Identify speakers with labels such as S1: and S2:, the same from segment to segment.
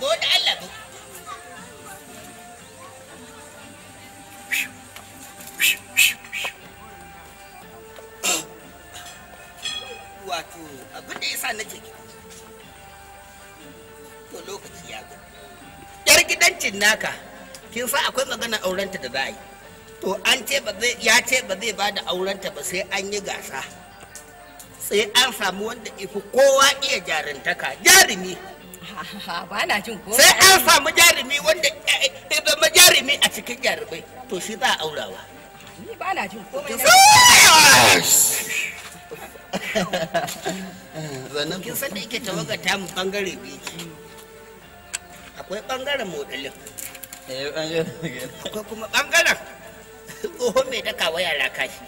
S1: Bude Allah bu. Wato abin da yasa nake gida. To lokaci ya zo. Yar gidancin naka kin sa akwai magana aurenta da za a yi. To an ce ba zai ya ce ba zai bada aurenta ba sai an yi gasa. Sai an samu wanda ifi kowa iya jarintaka jarumi. ba na jin ko sai an samu jarumi wanda eh, eh, zama jarumi a cikin jarumai to shi za a aurawa ni ba na jin komai zanen kin san da yake tawaga ta mu bangare biyu akwai bangaren modalin eh, akwai kuma bangaren tsohon mai daka waya lakashi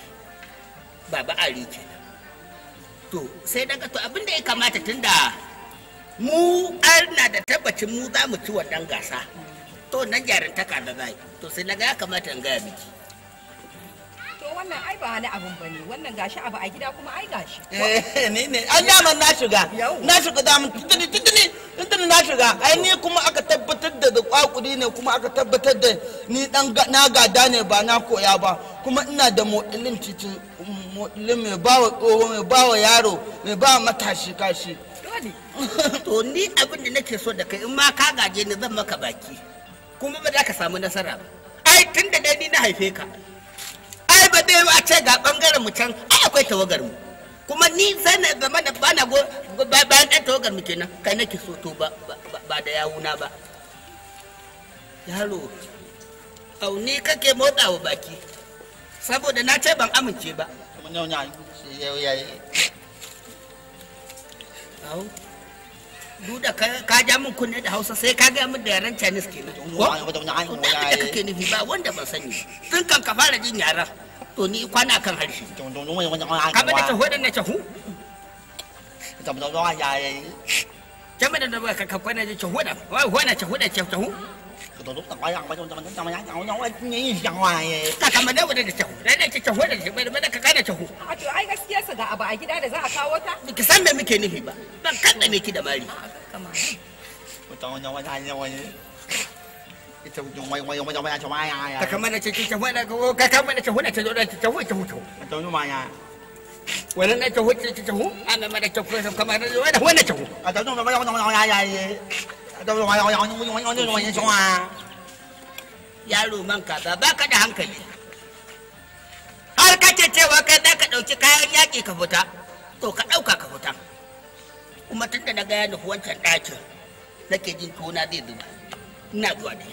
S1: baba ari kenan to sai daga to abinda ya kamata tunda mu na da tabbacin mu za mu ci wannan gasa to nan jarintaka da zai to sai na ga ya kamata in gaya miki to wannan ai ba wani abun bane wannan gashi abu a gida kuma ai gashi eh ne ne an dama na shiga na shiga da mun tuntuni tuntuni tuntuni na shiga ai ni kuma aka tabbatar da kwakuri ne kuma aka tabbatar da ni dan na gada ne ba na koya ba kuma ina da modilin cikin modilin mai bawa tsoho mai bawa yaro mai bawa matashi kashi to ni abin da nake so da kai in ma ka gaje ni zan maka baki kuma ba za ka samu nasara ba ai tun da dai ni na haife ka ai ba zai a ce ga bangaren mu can ai akwai tawagar mu kuma ni zan na zama da bana go bayan ɗan tawagar mu kenan kai nake so to ba ba da yawuna ba yaro au ni kake motsawa baki saboda na ce ban amince ba. Au. duda ka ja min kunne da hausa sai ka gaya min da yaren chinese ke nufi ko da kake nufi ba wanda ban sani tun kan ka fara jin yaran to ni kwana kan harshe ka bada ta hoda na cahu kama da ba ka kwana da cahu da wai cahu da cahu ka kama da wadda da cahu da da cahu da cahu da ka kana cahu a to ai sa ga abu a gida da za a kawo ta ki san me muke nufi ba ban kan me ki da mari 干嘛？我当我娘外太娘外。Hãy subscribe cho kênh Ghiền Mì Gõ Để không bỏ lỡ những video hấp dẫn Hãy subscribe cho kênh Ghiền Mì Gõ Để không bỏ lỡ những video hấp dẫn kuma tun da na gaya ya nufi wancan ɗakin nake jin tona zai zuba ina zuwa da